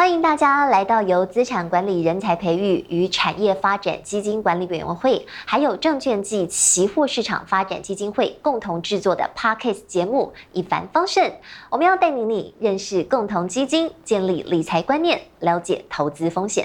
歡迎大家來到由資產管理人才培育與產業發展基金管理委員會，還有證券及期貨市場發展基金會共同製作的 Podcast 節目《一帆風順》。我們要帶領你，你認識共同基金，建立理財觀念，了解投資風險。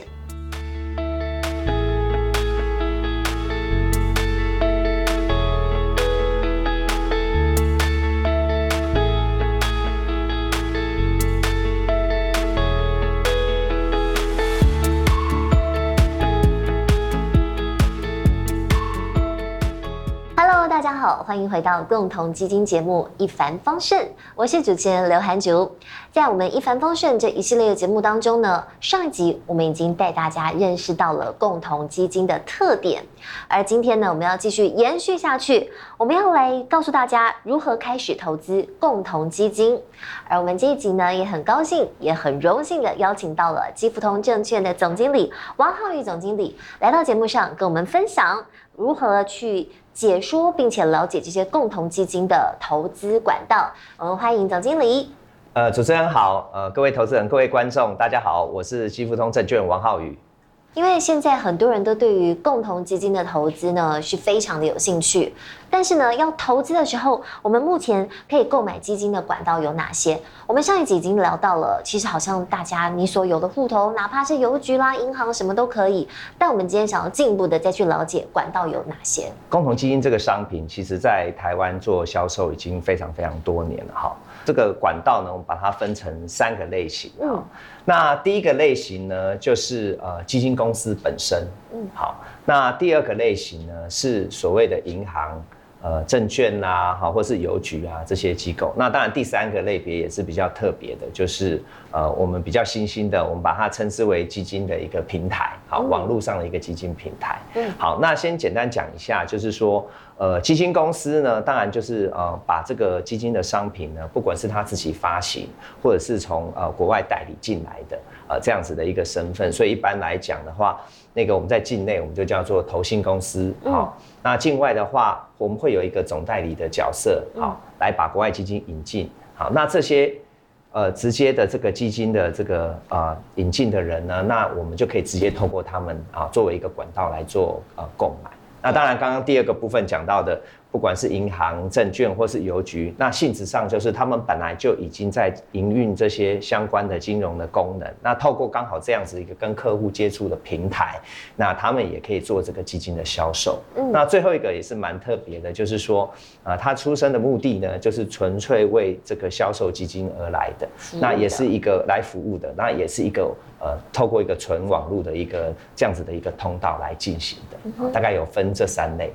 大家好，歡迎回到共同基金節目《一帆風順》，我是主持人劉涵竹。在我們《一帆風順》這一系列的節目當中呢，上一集我們已經帶大家認識到了共同基金的特點，而今天呢，我們要繼續延續下去，我們要來告訴大家如何開始投資共同基金。而我們這一集呢，也很高興，也很榮幸地邀請到了基富通證券的總經理王浩宇總經理來到節目上跟我們分享。如何去解說並且了解這些共同基金的投資管道？我們歡迎總經理。呃，主持人好，呃，各位投資人，各位觀眾，大家好，我是基富通證券王浩宇。因為現在很多人都對於共同基金的投資呢是非常的有興趣，但是呢，要投資的時候，我們目前可以購買基金的管道有哪些？我們上一集已經聊到了，其實好像大家你所有的戶頭，哪怕是郵局啦、銀行什麼都可以。但我們今天想要進一步的再去了解管道有哪些？共同基金這個商品，其實在台灣做銷售已經非常非常多年了哈。這個管道呢，我們把它分成三個類型啊。那第一個類型呢，就是呃基金公司本身，嗯，好，那第二個類型呢，是所謂的銀行。呃，證券啊，好，或是郵局啊，這些機構。那當然，第三個類別也是比較特別的，就是呃，我們比較新興的，我們把它稱之為基金的一個平台，好，嗯、網絡上的一個基金平台。嗯，好，那先簡單講一下，就是說，呃，基金公司呢，當然就是呃，把這個基金的商品呢，不管是他自己發行，或者是從呃國外代理進來的，呃，這樣子的一個身份。所以一般來講的話。那個我們在境內我們就叫做投信公司，好、嗯哦，那境外的話我們會有一個總代理的角色，好、哦，嗯、來把國外基金引進，好，那這些呃直接的這個基金的這個啊、呃、引進的人呢，那我們就可以直接透過他們啊、呃、作為一個管道來做呃購買，那當然剛剛第二個部分講到的。不管是銀行、證券或是郵局，那性質上就是他們本來就已經在營運這些相關的金融的功能。那透過剛好這樣子一個跟客戶接觸的平台，那他們也可以做這個基金的銷售。嗯。那最後一個也是蠻特別的，就是說，啊，呃，他出生的目的呢，就是純粹為這個銷售基金而來的。嗯。那也是一個來服務的，那也是一個。呃，透過一個純網路的一個這樣子的一個通道來進行的，嗯、哼大概有分這三類。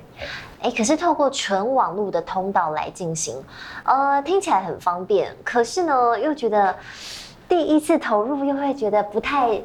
哎、欸，可是透過純網路的通道來進行，呃，聽起來很方便，可是呢，又覺得第一次投入又會覺得不太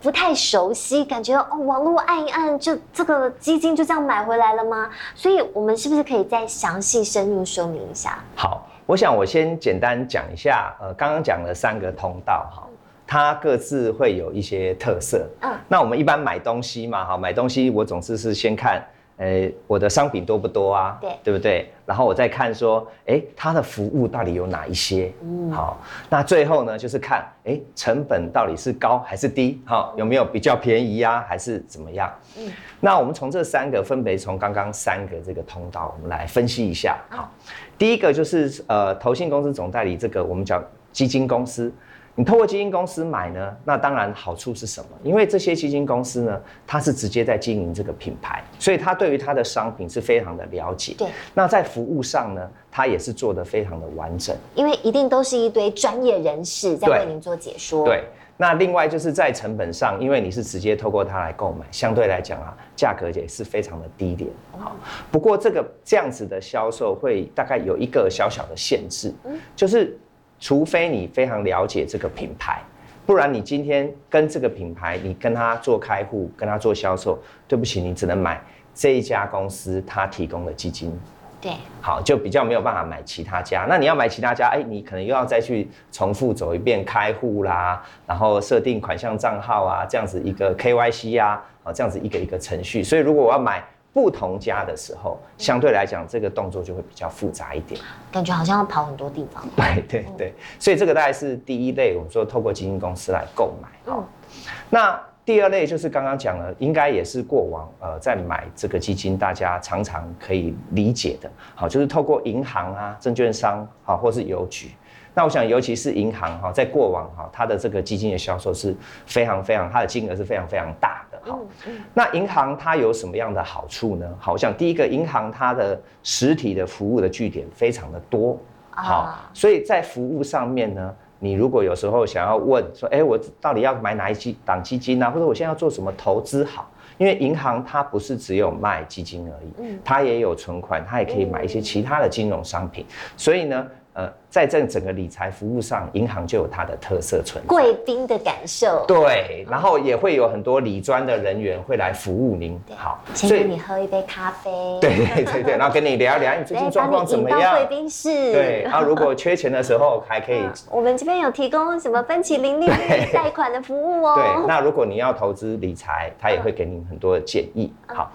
不太熟悉，感覺哦，網路按一按，就這個基金就這樣買回來了嗎？所以我們是不是可以再詳細深入說明一下？好，我想我先簡單講一下，呃，剛剛講了三個通道，哈。它各自會有一些特色，嗯、啊，那我們一般買東西嘛，哈，買東西我總是是先看，呃、欸，我的商品多不多啊？對，對不對？然後我再看說，哎、欸，它的服務到底有哪一些？嗯，好，那最後呢，對就是看，哎、欸，成本到底是高還是低？好、喔，有沒有比較便宜呀、啊？嗯、還是怎麼樣？嗯，那我們從這三個，分別從剛剛三個這個通道，我們來分析一下。好，啊、第一個就是呃，投信公司總代理這個，我們叫基金公司。你透過基金公司買呢，那當然好處是什麼？因為這些基金公司呢，它是直接在經營這個品牌，所以它對於它的商品是非常的了解。對，那在服務上呢，它也是做得非常的完整。因為一定都是一堆專業人士在為您做解說。對。對，那另外就是在成本上，因為你是直接透過它來購買，相對來講啊，價格也是非常的低廉。好、哦，不過這個這樣子的銷售會大概有一個小小的限制，嗯、就是。除非你非常了解這個品牌，不然你今天跟這個品牌，你跟他做開戶，跟他做銷售，對不起，你只能買這一家公司他提供的基金。對，好，就比較沒有辦法買其他家。那你要買其他家，哎、欸，你可能又要再去重複走一遍開戶啦，然後設定款項賬號啊，這樣子一個 KYC 啊，這樣子一個一個程序。所以如果我要買不同家的時候，相對來講，這個動作就會比較複雜一點，感覺好像要跑很多地方。對對對，所以這個大概是第一類，我們說透過基金公司來購買。好、嗯，那第二類就是剛剛講了，應該也是過往呃，在買這個基金，大家常常可以理解的。好，就是透過銀行啊、證券商好，或是郵局。那我想，尤其是銀行哈，在過往哈，它的這個基金的銷售是非常非常，它的金額是非常非常大。好，嗯嗯、那銀行它有什麼樣的好處呢？好，我想第一個，銀行它的實體的服務的據點非常的多，好，啊、所以在服務上面呢，你如果有時候想要問說，哎、欸，我到底要買哪一基檔基金啊，或者我現在要做什麼投資好？因為銀行它不是只有賣基金而已，嗯、它也有存款，它也可以買一些其他的金融商品，嗯、所以呢。呃、在這整個理財服務上，銀行就有它的特色存在。貴賓的感受。對，然後也會有很多理專的人員會來服務您。對好，請你喝一杯咖啡。對對對，對然後跟你聊聊你 最近狀況怎麼樣？貴賓室。對，然後、啊、如果缺錢的時候還可以。 我們這邊有提供什麼分期零利率貸款的服務哦、喔。對，那如果你要投資理財，他也會給您很多的建議。嗯、好，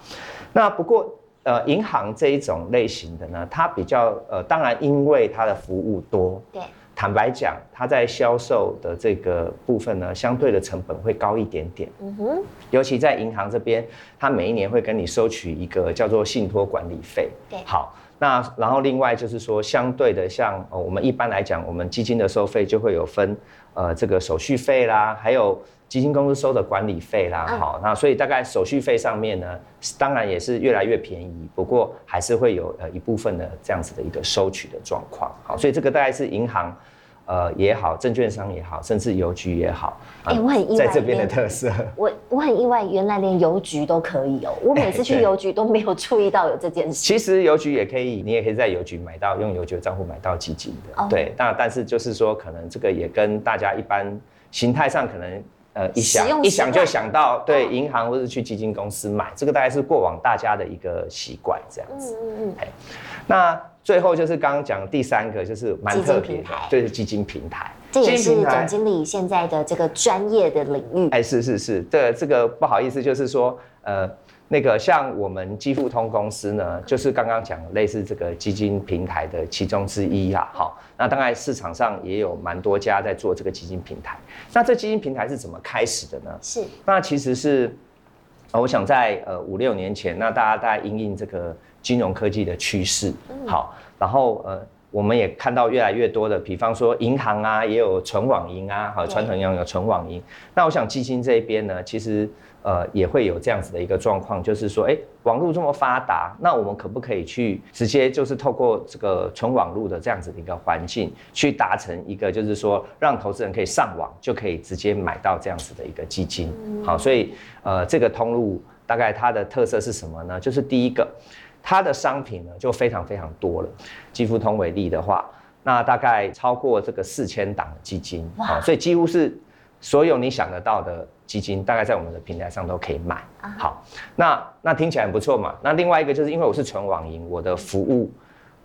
那不過。呃，銀行這一種類型的呢，它比較呃，當然因為它的服務多，對，坦白講，它在銷售的這個部分呢，相對的成本會高一點點。嗯哼，尤其在銀行這邊，它每一年會跟你收取一個叫做信託管理費。對，好。那然後另外就是說，相對的，像我們一般來講，我們基金的收費就會有分，呃，這個手續費啦，還有基金公司收的管理費啦。好，那所以大概手續費上面呢，當然也是越來越便宜，不過還是會有呃一部分的這樣子的一個收取的狀況。好，所以這個大概是銀行。呃也好，證券商也好，甚至郵局也好。哎、欸，我很意外，呃、在這邊的特色。我我很意外，原來連郵局都可以哦、喔。我每次去郵局都沒有注意到有這件事。欸、其實郵局也可以，你也可以在郵局買到用郵局的賬戶買到基金的。哦、對，那但是就是說，可能這個也跟大家一般形態上可能。呃，一想一想就想到對銀、啊、行，或是去基金公司買，這個大概是過往大家的一個習慣，這樣子。嗯嗯，嗯、欸、那最後就是剛剛講第三個，就是蠻特別的基金平台，對，基金平台，這也是總經理現在的這個專業的領域。哎、欸，是是是，這這個不好意思，就是說呃。那個像我們基富通公司呢，就是剛剛講的類似這個基金平台的其中之一啊，好，那當然市場上也有蠻多家在做這個基金平台。那這基金平台是怎麼開始的呢？是，那其實是，呃、我想在呃五六年前，那大家大家因應這個金融科技的趨勢，好，然後呃。我們也看到越來越多的，比方說銀行啊，也有純網銀啊，好，傳統銀行有純網銀。對那我想基金這邊呢，其實呃也會有這樣子的一個狀況，就是說，哎，網絡這麼發達，那我們可不可以去直接就是透過這個純網絡的這樣子的一個環境，去達成一個就是說讓投資人可以上網就可以直接買到這樣子的一個基金，嗯、好，所以呃這個通路大概它的特色是什麼呢？就是第一個。它的商品呢，就非常非常多了，以基富通為例的話，那大概超過這個四千檔基金哇啊，所以幾乎是所有你想得到的基金，大概在我們的平台上都可以買。啊、好，那那聽起來很不錯嘛。那另外一個就是因為我是純網銀，我的服務。嗯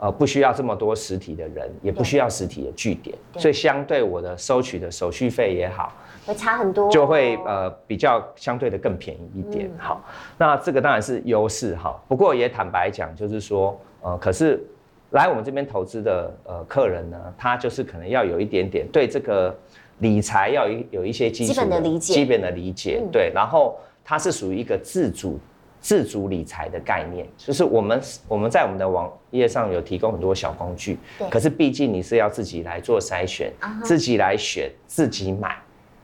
呃，不需要這麼多實體的人，也不需要實體的據點，對所以相對我的收取的手續費也好，會差很多，就會呃比較相對的更便宜一點。嗯、好，那這個當然是優勢哈。不過也坦白講，就是說呃，可是來我們這邊投資的呃客人呢，他就是可能要有一點點對這個理財要有一些基本的理解，基本的理解、嗯、對，然後他是屬於一個自主。自主理財的概念，就是我們我們在我們的網頁上有提供很多小工具，對可是畢竟你是要自己來做篩選，uh huh. 自己來選，自己買。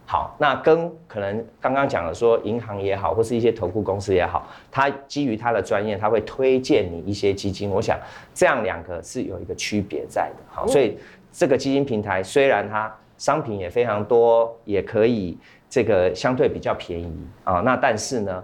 好，那跟可能剛剛講的說，銀行也好，或是一些投顧公司也好，他基於他的專業，他會推薦你一些基金。我想這樣兩個是有一個區別在的，好。所以這個基金平台雖然它商品也非常多，也可以這個相對比較便宜啊，那但是呢？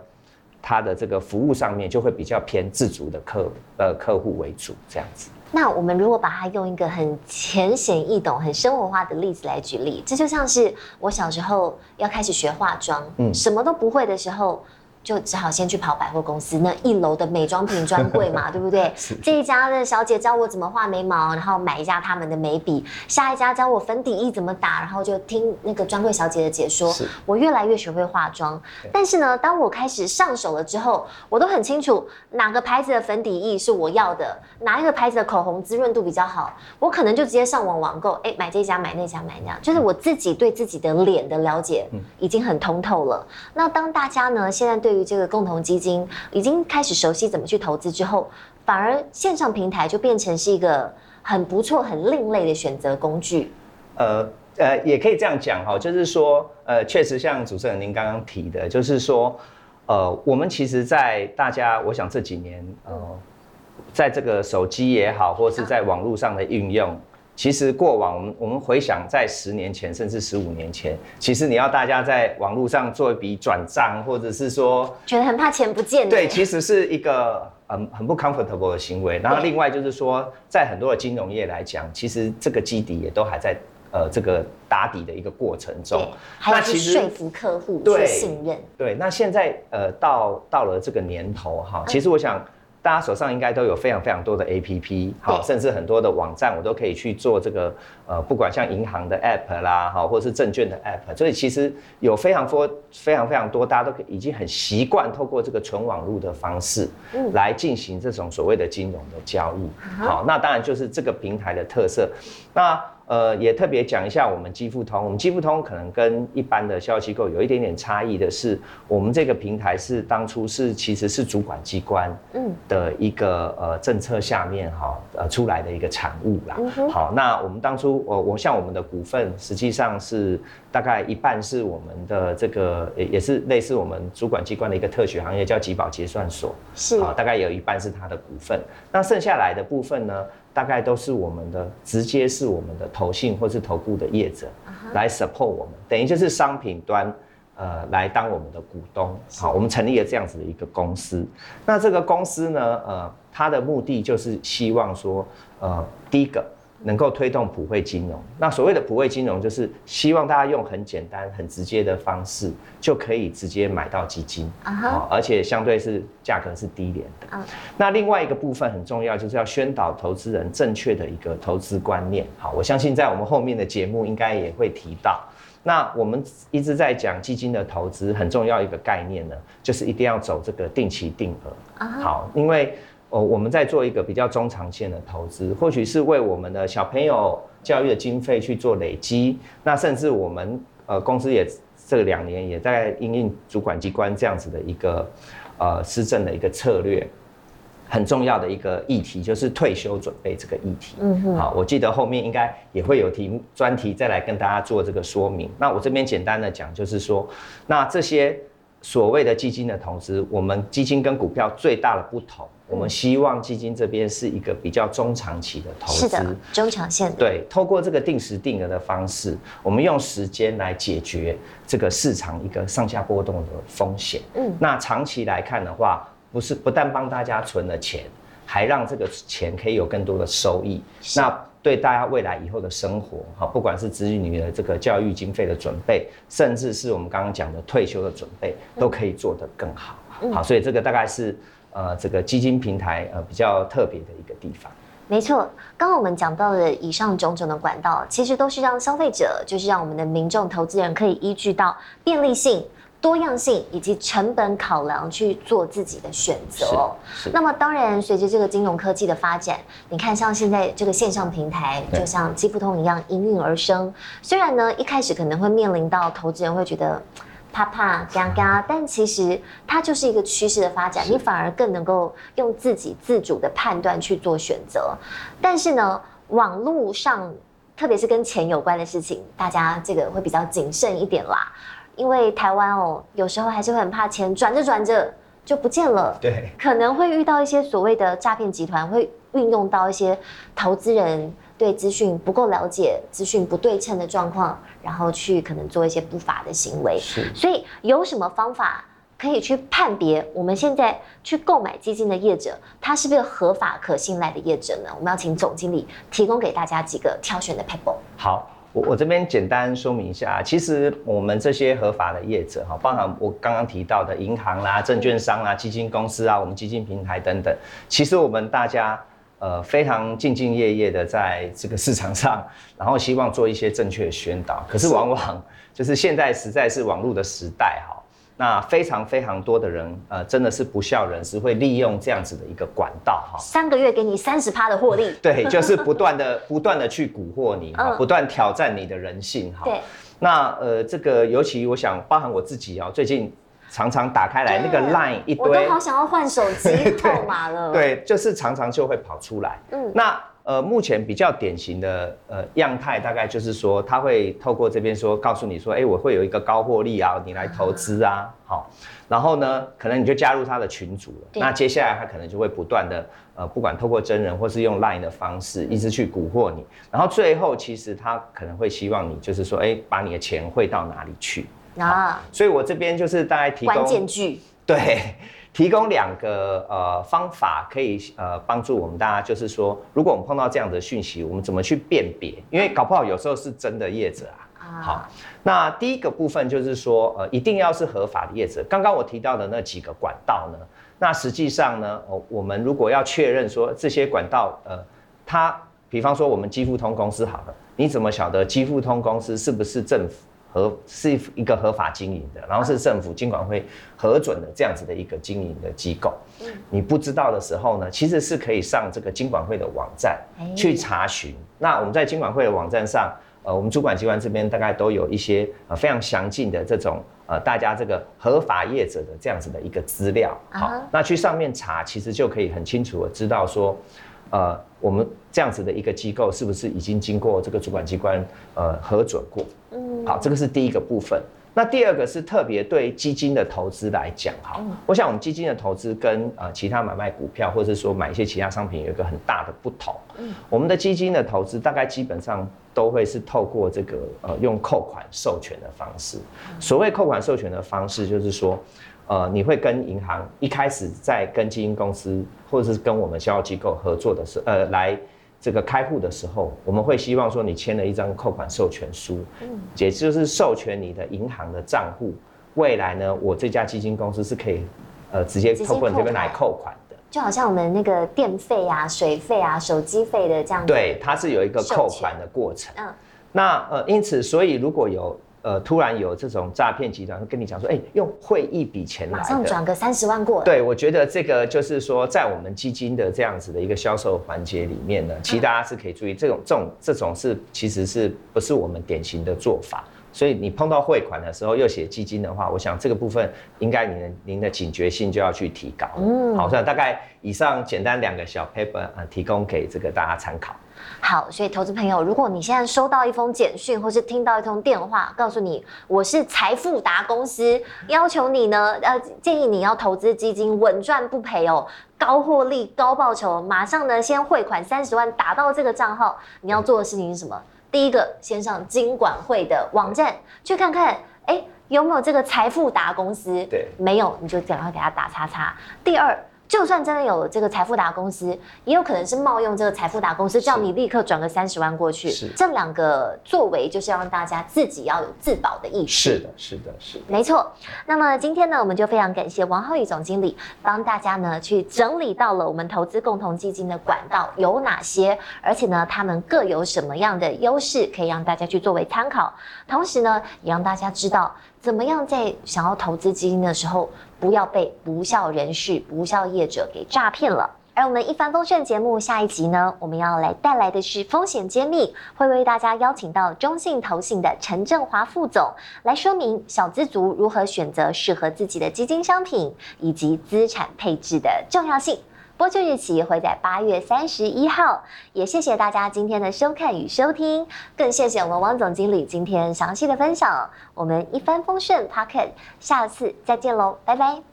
他的這個服務上面就會比較偏自主的客呃客戶為主這樣子。那我們如果把它用一個很淺顯易懂，很生活化的例子來舉例，這就像是我小時候要開始學化妝，嗯，什麼都不會的時候。就只好先去跑百貨公司那一樓的美妝品專櫃嘛， 對不對？是這一家的小姐教我怎麼畫眉毛，然後買一家他們的眉筆；下一家教我粉底液怎麼打，然後就聽那個專櫃小姐的解說，是我越來越學會化妝。對但是呢，當我開始上手了之後，我都很清楚哪個牌子的粉底液是我要的，哪一個牌子的口紅滋潤度比較好，我可能就直接上網網購，哎、欸，買這家，買那家，買那家，嗯、就是我自己對自己的臉的了解已經很通透了。嗯、那當大家呢現在對對於這個共同基金，已經開始熟悉怎麼去投資之後，反而線上平台就變成是一個很不錯、很另類的選擇工具。呃呃，也可以這樣講哈，就是說，呃，確實像主持人您剛剛提的，就是說，呃，我們其實，在大家，我想這幾年，呃，在這個手機也好，或是在網絡上的運用。啊其實過往，我們我們回想，在十年前甚至十五年前，其實你要大家在網絡上做一筆轉賬，或者是說，覺得很怕錢不見、欸。對，其實是一個、嗯、很不 comfortable 的行為。然後另外就是說，對在很多的金融業來講，其實這個基底也都還在呃這個打底的一個過程中。還要去說服客戶，去信任對。對，那現在呃到到了這個年頭哈，其實我想。嗯大家手上應該都有非常非常多的 APP，對好，甚至很多的網站，我都可以去做這個，呃，不管像銀行的 App 啦，或者是證券的 App，所以其實有非常多、非常非常多，大家都已經很習慣透過這個純網路的方式來進行這種所謂的金融的交易，嗯、好，那當然就是這個平台的特色，那。呃，也特別講一下我們基富通，我們基富通可能跟一般的銷售機構有一點點差異的是，我們這個平台是當初是其實是主管機關嗯的一個、嗯、呃政策下面哈呃出來的一個產物啦。嗯、哼好，那我們當初我、呃、我像我們的股份實際上是大概一半是我們的這個也也是類似我們主管機關的一個特許行業叫集保結算所是啊、呃，大概有一半是它的股份，那剩下來的部分呢？大概都是我們的直接是我們的投信或是投顧的業者來 support 我們，等於就是商品端，呃，來當我們的股東。好，我們成立了這樣子的一個公司。那這個公司呢，呃，它的目的就是希望說，呃，第一個。能夠推動普惠金融。那所謂的普惠金融，就是希望大家用很簡單、很直接的方式，就可以直接買到基金啊，uh huh. 而且相對是價格是低廉的。Uh huh. 那另外一個部分很重要，就是要宣導投資人正確的一個投資觀念。好，我相信在我們後面的節目應該也會提到。那我們一直在講基金的投資，很重要一個概念呢，就是一定要走這個定期定額啊。Uh huh. 好，因為。哦，我們在做一個比較中長線的投資，或許是為我們的小朋友教育的經費去做累積。那甚至我們呃公司也這兩年也在因應主管機關這樣子的一個呃施政的一個策略，很重要的一個議題就是退休準備這個議題。嗯哼。好，我記得後面應該也會有題專題再來跟大家做這個說明。那我這邊簡單的講，就是說，那這些所謂的基金的投資，我們基金跟股票最大的不同。我們希望基金這邊是一個比較中長期的投資，是的，中長線。對，透過這個定時定額的方式，我們用時間來解決這個市場一個上下波動的風險。嗯，那長期來看的話，不是不但幫大家存了錢，還讓這個錢可以有更多的收益。的那對大家未來以後的生活，哈，不管是子女的這個教育經費的準備，甚至是我們剛剛講的退休的準備，都可以做得更好。嗯、好，所以這個大概是。呃，這個基金平台呃比較特別的一個地方。沒錯，剛剛我們講到的以上種種的管道，其實都是讓消費者，就是讓我們的民眾投資人可以依據到便利性、多樣性以及成本考量去做自己的選擇。是。是那麼當然，隨着這個金融科技的發展，你看像現在這個線上平台，就像基富通一樣應運而生。對雖然呢，一開始可能會面臨到投資人會覺得。怕怕，嘎嘎！但其實它就是一個趨勢的發展，你反而更能夠用自己自主的判斷去做選擇。但是呢，網絡上，特別是跟錢有關的事情，大家這個會比較謹慎一點啦。因為台灣哦，有時候還是會很怕錢轉着轉着就不見了。對，可能會遇到一些所謂的詐騙集團，會運用到一些投資人。對資訊不夠了解，資訊不對稱的狀況，然後去可能做一些不法的行為。是，所以有什麼方法可以去判別我們現在去購買基金的業者，他是不是合法可信賴的業者呢？我們要請總經理提供給大家幾個挑選的法寶。好，我我這邊簡單說明一下，其實我們這些合法的業者哈，包含我剛剛提到的銀行啦、證券商啦、基金公司啊、我們基金平台等等，其實我們大家。呃，非常兢兢業業的在這個市場上，然後希望做一些正確的宣導。可是往往就是現在實在是網絡的時代哈，那非常非常多的人，呃，真的是不肖人士會利用這樣子的一個管道哈，好三個月給你三十趴的獲利，對，就是不斷的 不斷的去蠱惑你，不斷挑戰你的人性哈。好對，那呃這個尤其我想包含我自己哦，最近。常常打開來那個 line 對一堆，我都好想要換手機號碼了 對。對，就是常常就會跑出來。嗯，那呃，目前比較典型的呃樣態，大概就是說，他會透過這邊說，告訴你說，哎、欸，我會有一個高獲利啊，你來投資啊，嗯、好。然後呢，嗯、可能你就加入他的群組了。對那接下來他可能就會不斷的呃，不管透過真人或是用 line 的方式，嗯、一直去蠱惑你。然後最後其實他可能會希望你就是說，哎、欸，把你的錢匯到哪裡去。啊，所以我這邊就是大概提供關鍵句，對，提供兩個呃方法可以呃幫助我們大家，就是說如果我們碰到這樣的訊息，我們怎麼去辨別？因為搞不好有時候是真的業者啊。啊好，那第一個部分就是說，呃，一定要是合法的業者。剛剛我提到的那幾個管道呢，那實際上呢，呃，我們如果要確認說這些管道，呃，它，比方說我們基富通公司好了，你怎麼曉得基富通公司是不是政府？合是一個合法經營的，然後是政府金管會核准的這樣子的一個經營的機構。嗯，你不知道的時候呢，其實是可以上這個金管會的網站去查詢。哎、呀那我們在金管會的網站上，呃，我們主管機關這邊大概都有一些、呃、非常詳盡的這種、呃、大家這個合法業者的這樣子的一個資料。嗯、好，那去上面查，其實就可以很清楚的知道說。呃，我們這樣子的一個機構是不是已經經過這個主管機關呃核准過？嗯，好，這個是第一個部分。那第二個是特別對基金的投資來講哈，嗯、我想我們基金的投資跟呃其他買賣股票或者說買一些其他商品有一個很大的不同。嗯，我們的基金的投資大概基本上都會是透過這個呃用扣款授權的方式。所謂扣款授權的方式，就是說，嗯嗯呃，你會跟銀行一開始在跟基金公司或者是跟我們銷售機構合作的時候，呃，來這個開戶的時候，我們會希望說你簽了一張扣款授權書，嗯，也就是授權你的銀行的賬戶，未來呢，我這家基金公司是可以，呃，直接透過你這邊來扣款的扣款，就好像我們那個電費啊、水費啊、手機費的這樣的，對，它是有一個扣款的過程，嗯，哦、那呃，因此，所以如果有。呃，突然有這種詐騙集團跟你講說，哎、欸，用匯一筆錢，來，馬上轉個三十萬過。對，我覺得這個就是說，在我們基金的這樣子的一個銷售環節裡面呢，其實大家是可以注意這種、這種、這種是，其實是不是我們典型的做法。所以你碰到匯款的時候又寫基金的話，我想這個部分應該您的您的警覺性就要去提高。嗯，好，所以大概以上簡單兩個小 paper 啊、呃，提供給這個大家參考。好，所以投資朋友，如果你現在收到一封簡訊或是聽到一通電話，告訴你我是財富達公司，要求你呢，呃，建議你要投資基金，穩賺不賠哦，高獲利、高報酬，馬上呢先匯款三十萬打到這個賬號，你要做的事情是什麼？嗯第一個，先上金管會的網站去看看，哎、欸，有沒有這個財富達公司？對，沒有你就趕快給他打叉叉。第二。就算真的有這個財富達公司，也有可能是冒用這個財富達公司，叫你立刻轉個三十萬過去。是這兩個作為就是要讓大家自己要有自保的意識。是的，是的，是。沒錯。那麼今天呢，我們就非常感謝王浩宇總經理幫大家呢去整理到了我們投資共同基金的管道有哪些，而且呢，他們各有什麼樣的優勢可以讓大家去作為參考，同時呢，也讓大家知道。怎麼樣在想要投資基金的時候，不要被不肖人士、不肖業者給詐騙了？而我們一帆風順節目下一集呢，我們要來帶來的是風險揭秘，會為大家邀請到中信投信的陳振華副總來說明小資族如何選擇適合自己的基金商品，以及資產配置的重要性。播就日期會在八月三十一號。也謝謝大家今天的收看與收聽，更謝謝我們汪總經理今天詳細的分享。我們一帆風順 p a r k n g 下次再見嘍，拜拜。